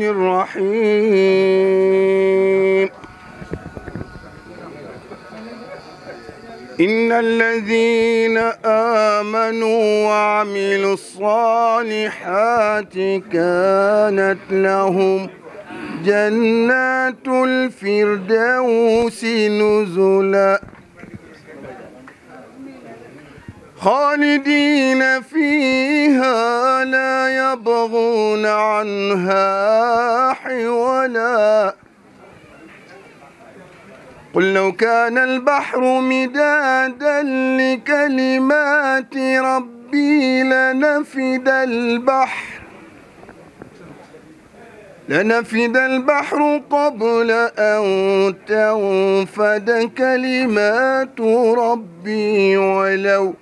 الرحمن الرحيم إن الذين آمنوا وعملوا الصالحات كانت لهم جنات الفردوس نزلاً خالدين فيها لا يبغون عنها حولا قل لو كان البحر مدادا لكلمات ربي لنفد البحر لنفد البحر قبل أن تنفد كلمات ربي ولو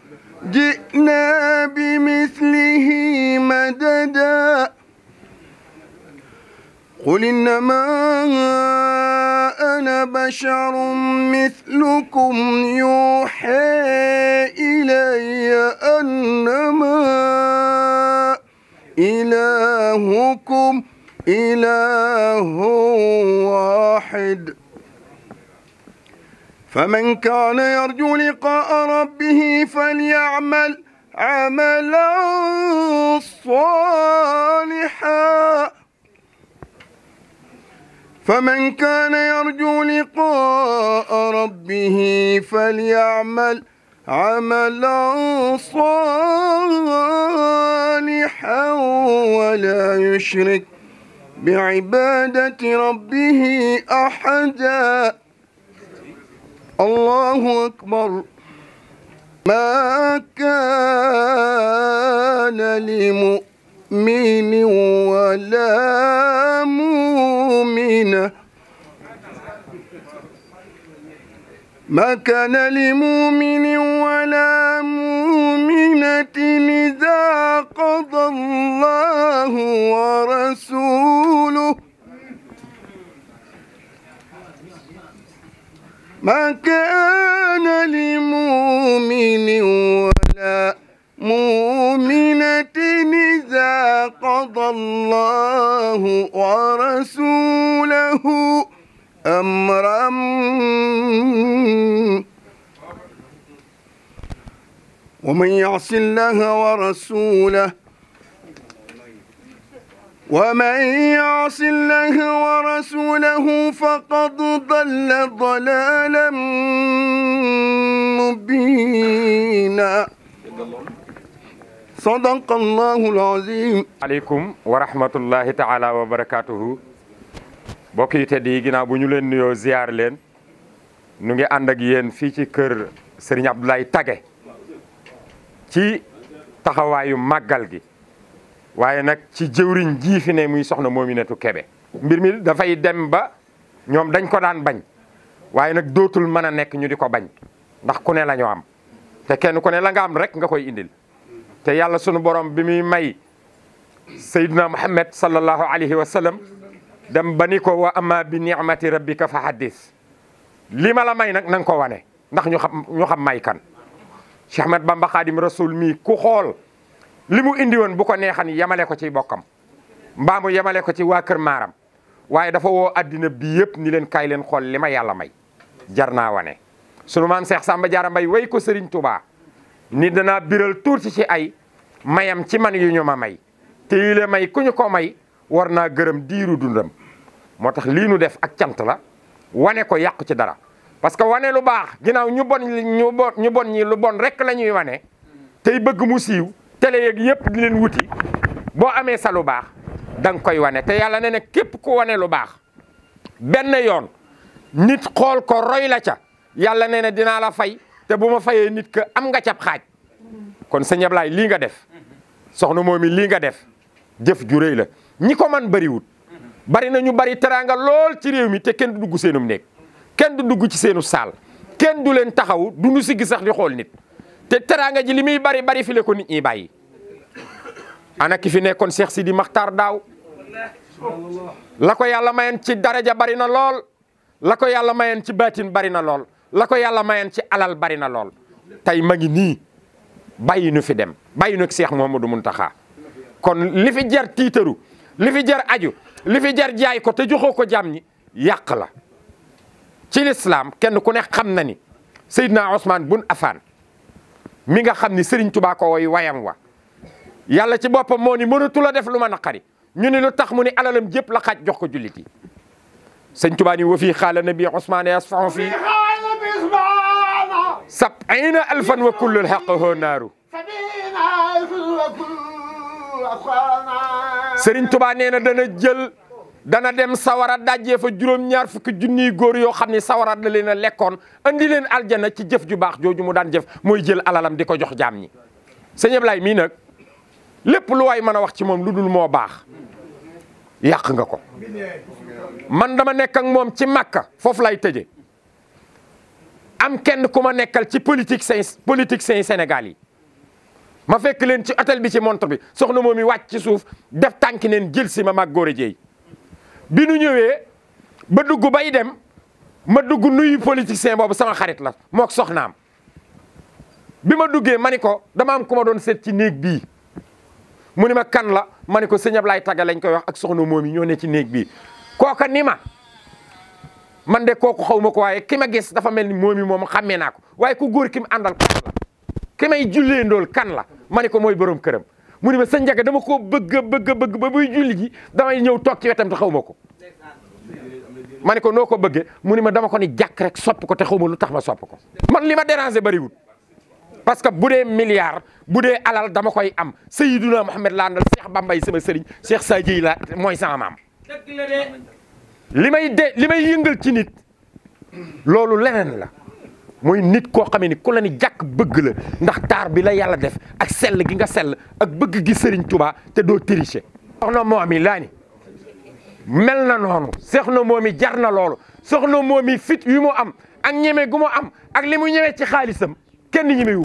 جئنا بمثله مددا قل إنما أنا بشر مثلكم يوحى إلي أنما إلهكم إله واحد فمن كان يرجو لقاء ربه فليعمل عملا صالحا فمن كان يرجو لقاء ربه فليعمل عملا صالحا ولا يشرك بعبادة ربه أحدا الله أكبر ما كان لمؤمن ولا مؤمنة ما كان لمؤمن ولا مؤمنة إذا قضى الله ورسوله ما كان لمؤمن ولا مؤمنة إذا قضى الله ورسوله أمرا ومن يعص الله ورسوله ومن يعص الله ورسوله فقد ضل ضلالا مبينا صدق الله العظيم عليكم ورحمة الله تعالى وبركاته mbokk yi tedd yi ginnaaw bu ñu leen nuyoo ziar leen nu ngi ànd ak yéen fii ci kër Serigne Abdoulaye Tagué ci taxawaayu màggal gi waaye nag ci jëwriñ jii fi ne muy soxna Mominatou Kébé mbir mi dafay dem ba ñoom dañ ko daan bañ waaye nag dootul mën a nekk ñu di ko bañ ndax ku ne la am te kenn ku ne la nga am rek nga koy indil te yàlla sunu borom bi muy may sayyidina muhammad sallallahu alayhi wa sallam dem ba ni ko wa amma bi ni'mati rabbika fa haddis li ma la may nag na ko wane ndax ñu xam ñu xam may kan Cheikh Ahmad Bamba Khadim Rasoul mii ku xool li mu indi woon bu ko neexan yemale ko ci bokkam mbaamu mu yemale ko ci waa kër maaram waaye dafa woo addina bi yëpp ni leen kaay leen xool li ma yàlla may jar naa wane sunu maam Seex Samba Jaara Mbay way ko Sëriñ Tubaa ni danaa biral tuuti ci ay mayam ci man yu ñu ma may te yi may ku ñu ko may war naa gërëm diiru dundam moo tax lii nu def ak cant la wane ko yàqu ci dara parce que wane lu baax ginnaaw ñu bon ñu bon ñu lu bon rek la ñuy wane tey bëgg mu siiw télé yeeg yëpp di leen wuti boo amee sa lu baax da nga koy wane te yàlla ne ne képp ku wane lu baax benn yoon nit xool ko roy la ca yàlla ne ne dinaa la fay te bu ma fayee nit ka am nga cab xaaj kon sëñ Ablaye lii nga def soxna moom lii nga def jëf ju rëy la ñi ko man bariwut bari na ñu bari teraanga lool ci réew mi te kenn du dugg seenum néeg kenn du dugg ci seenu saal kenn du leen taxaw du nu siggi sax di xool nit te teraanga ji li muy bari bari fi ko ni ñi bàyyi ana ki fi nekkoon Cheikh Sidi Makhtar daaw la ko yàlla mayen ci daraja bari na lool la ko yàlla mayen ci baatin bari na lool la yàlla mayen ci alal bari na lool tey ma ngi nii bàyyi nu fi dem bàyyi nu ak Cheikh Mouhamadou Mountakha kon li fi jar tiitaru li fi jar aju li fi jar jaay ko te joxoo ko jàmm ñi yàq la ci lislaam kenn ku ne xam na ni Seydina Ousmane bun afan mi nga xam ni Serigne Touba ko woy wayam wa yàlla ci boppam moo ni mënatu la def lu ma naqari ñu ni lu tax mu ni alalam jépp la xaaj jox ko jullit yi sëñ Touba ni wa fii xaala nabi Ousmane yasfahu fii sab'ina alfan wa kullul xaq hoo naaru Serigne Touba nee na dana jël dana dem sawara dajjee fa juróom-ñaar fukki junniy góor yoo xam ne sawara da leen a lekkoon andi leen aljana ci jëf ju baax jooju mu daan jëf mooy jël alalam di ko jox jaam ñi sëñ Ablaye mii nag lépp lu waay mën a wax ci moom lu dul moo baax yàq nga ko man dama nekk ak moom ci màkka foofu lay tëje am kenn ku ma nekkal ci politique sain politique sain Sénégal yi ma fekk leen ci hôtel bi ci montre bi soxna moom mi wàcc ci suuf def tànki neen jël si ma mag góor a jeey bi nu ñëwee ba dugg bay dem ma dugg nuyu politicien boobu sama xarit la mook soxnaam bi ma duggee ma ni ko dama am ku ma doon seet ci néeg bii mu ni ma kan la ma ni ko sëñ Ablaye Taga lañ koy wax ak soxna moom yi ñoo ne ci néeg bii kooka ni ma man de kooku xaw ma ko waaye ki ma gis dafa mel ni moom yi moom xàmmee naa ko waaye ku góor ki mu àndal kan la ki may jullee kan la ma ni ko mooy borom këram mu ne ma sëñ Ndiaga dama koo bëgg a bëgg a bëgg ba buy julli ji damay ñëw toog ci wetam te xaw ma ko. ma ne ko noo ko bëggee mu ne ma dama ko ni jàkk rek sopp ko te xaw ma lu tax ma sopp ko. man li ma déranger bëriwul parce que bu dee milliard bu dee alal dama koy am Seydouna Mohamed laa andal Cheikh Bambay sama sëriñ Cheikh Sadji la mooy sama maam. li may de li may yëngal ci nit loolu leneen la. mooy nit koo xamee ni ku la ni jàkk bëgg la ndax taar bi la yàlla def ak sell gi nga sell ak bëgg gi Serigne Touba te doo tricher. soxna moom yi laa ni mel na noonu soxna moom yi jar na loolu soxna moom yi fit yu mu am ak ñeme gu mu am ak li mu ñeme ci xaalisam kenn ñeme wu.